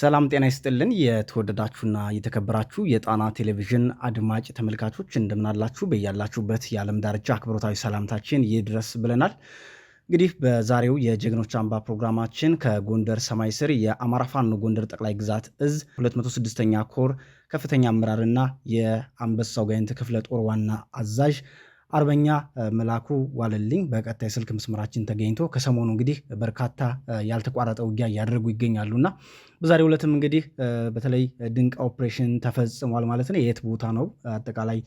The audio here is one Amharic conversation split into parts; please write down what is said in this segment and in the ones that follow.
ሰላም ጤና ይስጥልን። የተወደዳችሁና የተከበራችሁ የጣና ቴሌቪዥን አድማጭ ተመልካቾች እንደምናላችሁ፣ በያላችሁበት የዓለም ዳርቻ አክብሮታዊ ሰላምታችን ይድረስ ብለናል። እንግዲህ በዛሬው የጀግኖች አምባ ፕሮግራማችን ከጎንደር ሰማይ ስር የአማራ ፋኖ ጎንደር ጠቅላይ ግዛት እዝ 206ኛ ኮር ከፍተኛ አመራርና የአንበሳው ጋይንት ክፍለ ጦር ዋና አዛዥ አርበኛ መላኩ ዋለልኝ በቀጣይ ስልክ መስመራችን ተገኝቶ ከሰሞኑ እንግዲህ በርካታ ያልተቋረጠ ውጊያ እያደረጉ ይገኛሉና በዛሬው ዕለትም እንግዲህ በተለይ ድንቅ ኦፕሬሽን ተፈጽሟል ማለት ነው። የት ቦታ ነው፣ አጠቃላይ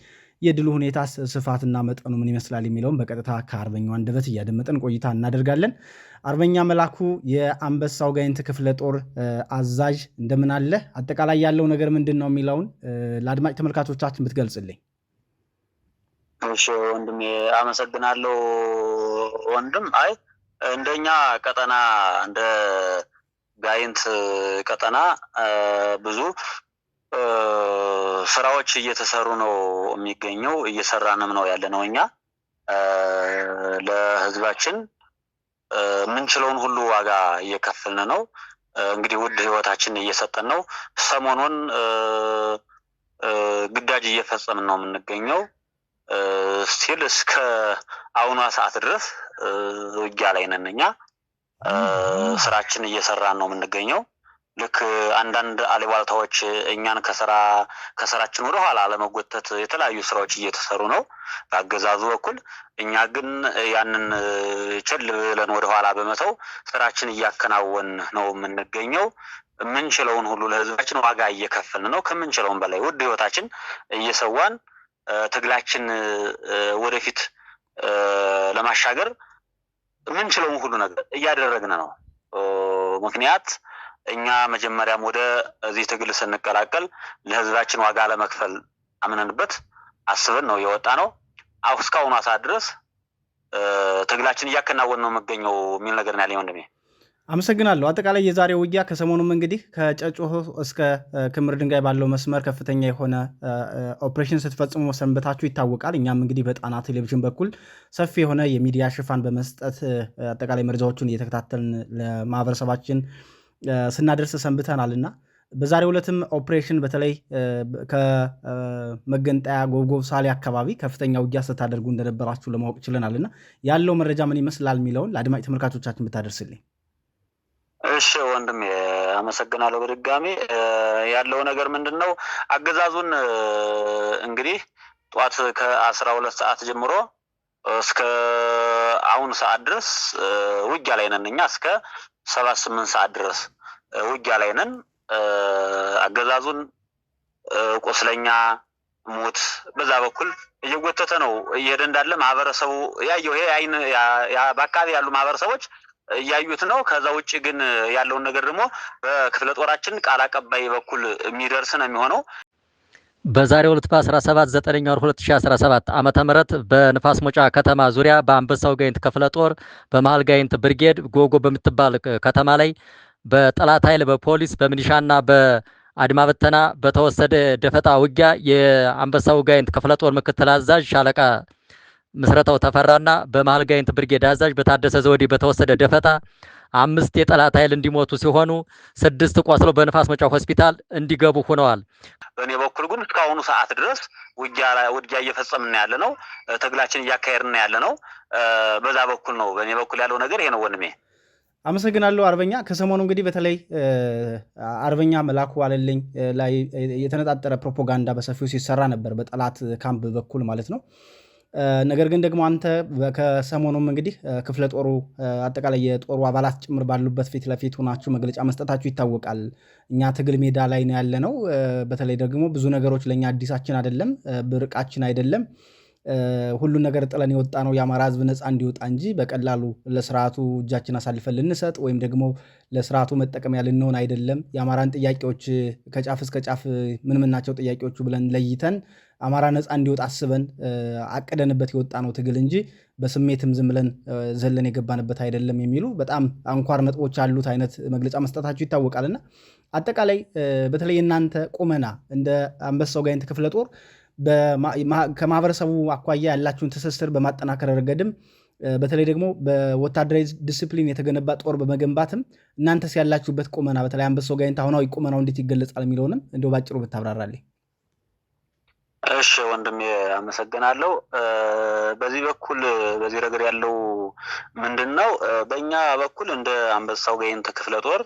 የድሉ ሁኔታ ስፋትና መጠኑ ምን ይመስላል የሚለውን በቀጥታ ከአርበኛው አንደበት እያደመጠን ቆይታ እናደርጋለን። አርበኛ መላኩ የአንበሳው ጋይንት ክፍለ ጦር አዛዥ እንደምን አለ፣ አጠቃላይ ያለው ነገር ምንድን ነው የሚለውን ለአድማጭ ተመልካቾቻችን ብትገልጽልኝ እሺ ወንድሜ አመሰግናለሁ። ወንድም አይ እንደኛ ቀጠና እንደ ጋይንት ቀጠና ብዙ ስራዎች እየተሰሩ ነው የሚገኘው፣ እየሰራንም ነው ያለ ነው። እኛ ለህዝባችን የምንችለውን ሁሉ ዋጋ እየከፈልን ነው። እንግዲህ ውድ ህይወታችን እየሰጠን ነው። ሰሞኑን ግዳጅ እየፈጸምን ነው የምንገኘው። ስቲል እስከ አሁኗ ሰዓት ድረስ ውጊያ ላይ ነን። እኛ ስራችን እየሰራን ነው የምንገኘው። ልክ አንዳንድ አሉባልታዎች እኛን ከስራ ከስራችን ወደ ኋላ ለመጎተት የተለያዩ ስራዎች እየተሰሩ ነው በአገዛዙ በኩል። እኛ ግን ያንን ችል ብለን ወደ ኋላ በመተው ስራችን እያከናወን ነው የምንገኘው። የምንችለውን ሁሉ ለህዝባችን ዋጋ እየከፈልን ነው። ከምንችለውን በላይ ውድ ህይወታችን እየሰዋን ትግላችን ወደፊት ለማሻገር የምንችለውን ሁሉ ነገር እያደረግን ነው። ምክንያት እኛ መጀመሪያም ወደዚህ ትግል ስንቀላቀል ለህዝባችን ዋጋ ለመክፈል አምነንበት አስበን ነው የወጣ ነው። እስካሁኑ ሰዓት ድረስ ትግላችን እያከናወን ነው የምገኘው የሚል ነገር ነው ያለኝ ወንድሜ። አመሰግናለሁ። አጠቃላይ የዛሬ ውጊያ ከሰሞኑም እንግዲህ ከጨጮሆ እስከ ክምር ድንጋይ ባለው መስመር ከፍተኛ የሆነ ኦፕሬሽን ስትፈጽሞ ሰንበታችሁ ይታወቃል። እኛም እንግዲህ በጣና ቴሌቪዥን በኩል ሰፊ የሆነ የሚዲያ ሽፋን በመስጠት አጠቃላይ መረጃዎቹን እየተከታተልን ለማህበረሰባችን ስናደርስ ሰንብተናል እና በዛሬው ኦፕሬሽን በተለይ ከመገንጠያ ጎብጎብ ሳሌ አካባቢ ከፍተኛ ውጊያ ስታደርጉ እንደነበራችሁ ለማወቅ ችለናል እና ያለው መረጃ ምን ይመስላል የሚለውን ለአድማጭ ተመልካቾቻችን ብታደርስልኝ እሺ ወንድም አመሰግናለሁ። በድጋሚ ያለው ነገር ምንድን ነው? አገዛዙን እንግዲህ ጠዋት ከአስራ ሁለት ሰዓት ጀምሮ እስከ አሁን ሰዓት ድረስ ውጊያ ላይ ነን እኛ እስከ ሰባት ስምንት ሰዓት ድረስ ውጊያ ላይ ነን። አገዛዙን ቁስለኛ፣ ሞት በዛ በኩል እየጎተተ ነው እየሄደ እንዳለ ማህበረሰቡ ያየው ይሄ በአካባቢ ያሉ ማህበረሰቦች እያዩት ነው። ከዛ ውጭ ግን ያለውን ነገር ደግሞ በክፍለ ጦራችን ቃል አቀባይ በኩል የሚደርስ ነው የሚሆነው። በዛሬው ዕለት በ17 ዘጠነኛ ወር 2017 ዓመተ ምህረት በንፋስ ሞጫ ከተማ ዙሪያ በአንበሳው ጋይንት ክፍለ ጦር በመሀል ጋይንት ብርጌድ ጎጎ በምትባል ከተማ ላይ በጠላት ኃይል በፖሊስ በምኒሻና በአድማ በተና በተወሰደ ደፈጣ ውጊያ የአንበሳው ጋይንት ክፍለ ጦር ምክትል አዛዥ ሻለቃ ምስረታው ተፈራና በመሃል ጋይንት ብርጌድ አዛዥ በታደሰ ዘውዴ በተወሰደ ደፈጣ አምስት የጠላት ኃይል እንዲሞቱ ሲሆኑ ስድስት ቆስለው በንፋስ መጫ ሆስፒታል እንዲገቡ ሆነዋል። በእኔ በኩል ግን እስካሁኑ ሰዓት ድረስ ውጊያ እየፈጸምን ያለ ነው። ትግላችን እያካሄድና ያለ ነው። በዛ በኩል ነው። በእኔ በኩል ያለው ነገር ይሄ ነው። ወንድሜ አመሰግናለሁ። አርበኛ ከሰሞኑ እንግዲህ በተለይ አርበኛ መላኩ አለልኝ ላይ የተነጣጠረ ፕሮፓጋንዳ በሰፊው ሲሰራ ነበር፣ በጠላት ካምፕ በኩል ማለት ነው ነገር ግን ደግሞ አንተ ከሰሞኑም እንግዲህ ክፍለ ጦሩ አጠቃላይ የጦሩ አባላት ጭምር ባሉበት ፊት ለፊት ሆናችሁ መግለጫ መስጠታችሁ ይታወቃል። እኛ ትግል ሜዳ ላይ ነው ያለነው። በተለይ ደግሞ ብዙ ነገሮች ለእኛ አዲሳችን አይደለም፣ ብርቃችን አይደለም። ሁሉን ነገር ጥለን የወጣ ነው የአማራ ህዝብ ነፃ እንዲወጣ እንጂ በቀላሉ ለስርዓቱ እጃችን አሳልፈን ልንሰጥ ወይም ደግሞ ለስርዓቱ መጠቀሚያ ልንሆን አይደለም። የአማራን ጥያቄዎች ከጫፍ እስከ ጫፍ ምን ምናቸው ጥያቄዎቹ ብለን ለይተን አማራ ነፃ እንዲወጣ አስበን አቅደንበት የወጣ ነው ትግል እንጂ በስሜትም ዝም ብለን ዘለን የገባንበት አይደለም የሚሉ በጣም አንኳር ነጥቦች ያሉት አይነት መግለጫ መስጠታቸው ይታወቃልና አጠቃላይ በተለይ እናንተ ቁመና እንደ አንበሳው ጋይንት ክፍለ ጦር ከማህበረሰቡ አኳያ ያላችሁን ትስስር በማጠናከር ረገድም በተለይ ደግሞ በወታደራዊ ዲስፕሊን የተገነባ ጦር በመገንባትም እናንተስ ያላችሁበት ቁመና በተለይ አንበሳው ጋይንት አሁናዊ ቁመናው እንዴት ይገለጻል የሚለውንም እንደው ባጭሩ ብታብራራልኝ። እሺ ወንድሜ አመሰግናለሁ። በዚህ በኩል በዚህ ረገድ ያለው ምንድን ነው? በእኛ በኩል እንደ አንበሳው ጋይንት ክፍለ ጦር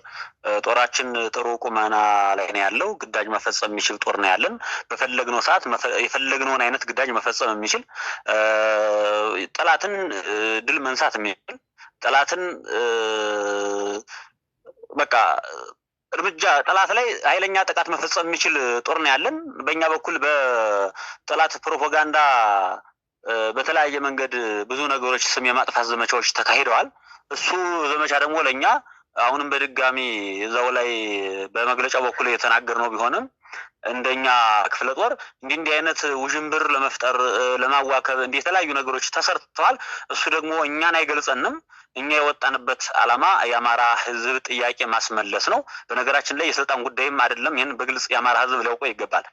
ጦራችን ጥሩ ቁመና ላይ ነው ያለው። ግዳጅ መፈጸም የሚችል ጦር ነው ያለን። በፈለግነው ሰዓት የፈለግነውን አይነት ግዳጅ መፈጸም የሚችል ጠላትን ድል መንሳት የሚችል ጠላትን በቃ እርምጃ ጠላት ላይ ኃይለኛ ጥቃት መፈጸም የሚችል ጦር ነው ያለን። በእኛ በኩል በጠላት ፕሮፓጋንዳ በተለያየ መንገድ ብዙ ነገሮች ስም የማጥፋት ዘመቻዎች ተካሂደዋል። እሱ ዘመቻ ደግሞ ለእኛ አሁንም በድጋሚ እዛው ላይ በመግለጫው በኩል የተናገር ነው ቢሆንም እንደኛ ክፍለ ጦር እንዲህ እንዲህ አይነት ውዥንብር ለመፍጠር ለማዋከብ እንዲህ የተለያዩ ነገሮች ተሰርተዋል። እሱ ደግሞ እኛን አይገልጸንም። እኛ የወጣንበት ዓላማ የአማራ ሕዝብ ጥያቄ ማስመለስ ነው። በነገራችን ላይ የስልጣን ጉዳይም አይደለም። ይህን በግልጽ የአማራ ሕዝብ ሊያውቀው ይገባል።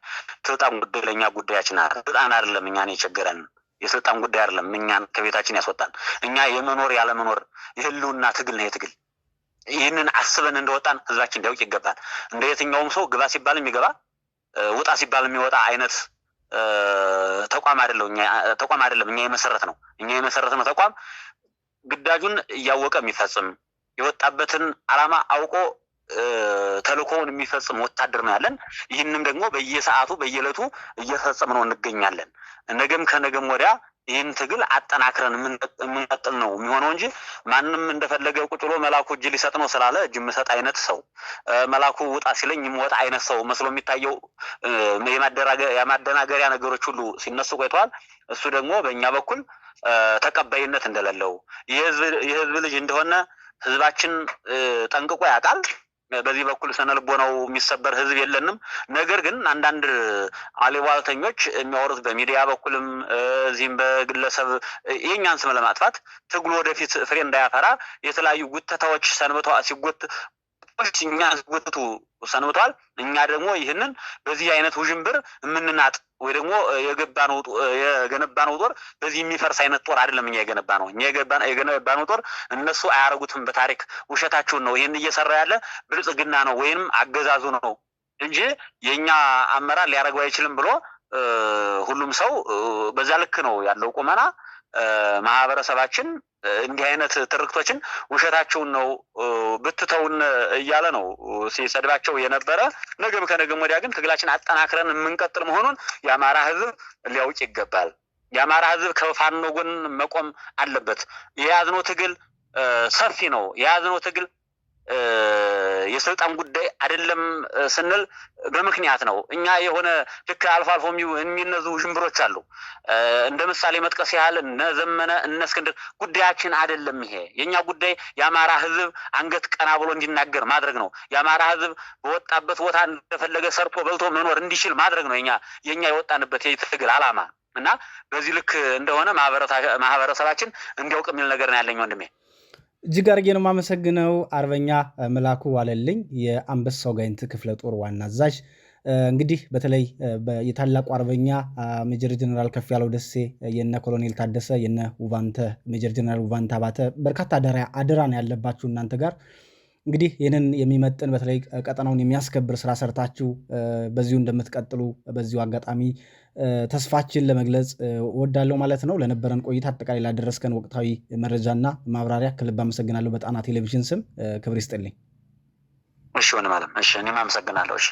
ስልጣን ጉዳይ ለእኛ ጉዳያችን ስልጣን አይደለም። እኛን የቸገረን የስልጣን ጉዳይ አይደለም። እኛን ከቤታችን ያስወጣን እኛ የመኖር ያለመኖር የህልውና ትግል ነው። የትግል ይህንን አስበን እንደወጣን ህዝባችን ሊያውቅ ይገባል። እንደ የትኛውም ሰው ግባ ሲባልም ይገባ ውጣ ሲባል የሚወጣ አይነት ተቋም አይደለም ተቋም አይደለም እኛ የመሰረት ነው እኛ የመሰረት ነው ተቋም ግዳጁን እያወቀ የሚፈጽም የወጣበትን አላማ አውቆ ተልኮውን የሚፈጽም ወታደር ነው ያለን። ይህንም ደግሞ በየሰዓቱ በየዕለቱ እየፈጸም ነው እንገኛለን። ነገም ከነገም ወዲያ ይህን ትግል አጠናክረን የምንቀጥል ነው የሚሆነው እንጂ ማንም እንደፈለገ ቁጭ መላኩ እጅ ሊሰጥ ነው ስላለ እጅ የምሰጥ አይነት ሰው መላኩ ውጣ ሲለኝ የምወጣ አይነት ሰው መስሎ የሚታየው የማደናገሪያ ነገሮች ሁሉ ሲነሱ ቆይተዋል። እሱ ደግሞ በእኛ በኩል ተቀባይነት እንደሌለው የህዝብ ልጅ እንደሆነ ህዝባችን ጠንቅቆ ያውቃል። በዚህ በኩል ስነልቦናው የሚሰበር ህዝብ የለንም። ነገር ግን አንዳንድ አሉባልተኞች የሚያወሩት በሚዲያ በኩልም እዚህም በግለሰብ የእኛን ስም ለማጥፋት ትግሉ ወደፊት ፍሬ እንዳያፈራ የተለያዩ ጉተታዎች ሰንብተ ሲጎት ሰዎች እኛ ዝጉቱ ሰንብተዋል። እኛ ደግሞ ይህንን በዚህ አይነት ውዥንብር የምንናጥ ወይ ደግሞ የገነባነው ጦር በዚህ የሚፈርስ አይነት ጦር አይደለም። እኛ የገነባ ነው እኛ የገነባነው ጦር እነሱ አያረጉትም። በታሪክ ውሸታችሁን ነው፣ ይህን እየሰራ ያለ ብልጽግና ነው ወይም አገዛዙ ነው እንጂ የእኛ አመራር ሊያደርገው አይችልም ብሎ ሁሉም ሰው በዛ ልክ ነው ያለው ቁመና ማህበረሰባችን እንዲህ አይነት ትርክቶችን ውሸታቸውን ነው ብትተውን እያለ ነው ሲሰድባቸው የነበረ። ነገም ከነገም ወዲያ ግን ትግላችን አጠናክረን የምንቀጥል መሆኑን የአማራ ህዝብ ሊያውቅ ይገባል። የአማራ ህዝብ ከፋኖ ጎን መቆም አለበት። የያዝነው ትግል ሰፊ ነው። የያዝነው ትግል የስልጣን ጉዳይ አይደለም ስንል በምክንያት ነው። እኛ የሆነ ልክ አልፎ አልፎ የሚነዙ ውዥንብሮች አሉ። እንደ ምሳሌ መጥቀስ ያህል እነ ዘመነ እነ እስክንድር ጉዳያችን አይደለም። ይሄ የእኛ ጉዳይ የአማራ ሕዝብ አንገት ቀና ብሎ እንዲናገር ማድረግ ነው። የአማራ ሕዝብ በወጣበት ቦታ እንደፈለገ ሰርቶ በልቶ መኖር እንዲችል ማድረግ ነው። የኛ የእኛ የወጣንበት የትግል አላማ እና በዚህ ልክ እንደሆነ ማህበረሰባችን እንዲያውቅ የሚል ነገር ነው ያለኝ ወንድሜ። እጅግ አርጌ ነው የማመሰግነው አርበኛ መላኩ ዋለልኝ የአንበሳው ጋይንት ክፍለ ጦር ዋና አዛዥ። እንግዲህ በተለይ የታላቁ አርበኛ ሜጀር ጀነራል ከፍ ያለው ደሴ የነ ኮሎኔል ታደሰ የነ ሜጀር ጀነራል ውቫንተ አባተ በርካታ አደራ ነው ያለባችሁ እናንተ ጋር እንግዲህ ይህንን የሚመጥን በተለይ ቀጠናውን የሚያስከብር ስራ ሰርታችሁ በዚሁ እንደምትቀጥሉ በዚሁ አጋጣሚ ተስፋችን ለመግለጽ ወዳለው ማለት ነው። ለነበረን ቆይታ አጠቃላይ ላደረስከን ወቅታዊ መረጃና ማብራሪያ ክልብ አመሰግናለሁ። በጣና ቴሌቪዥን ስም ክብር ይስጥልኝ። እሺ ሆንም አለም እሺ፣ እኔም አመሰግናለሁ። እሺ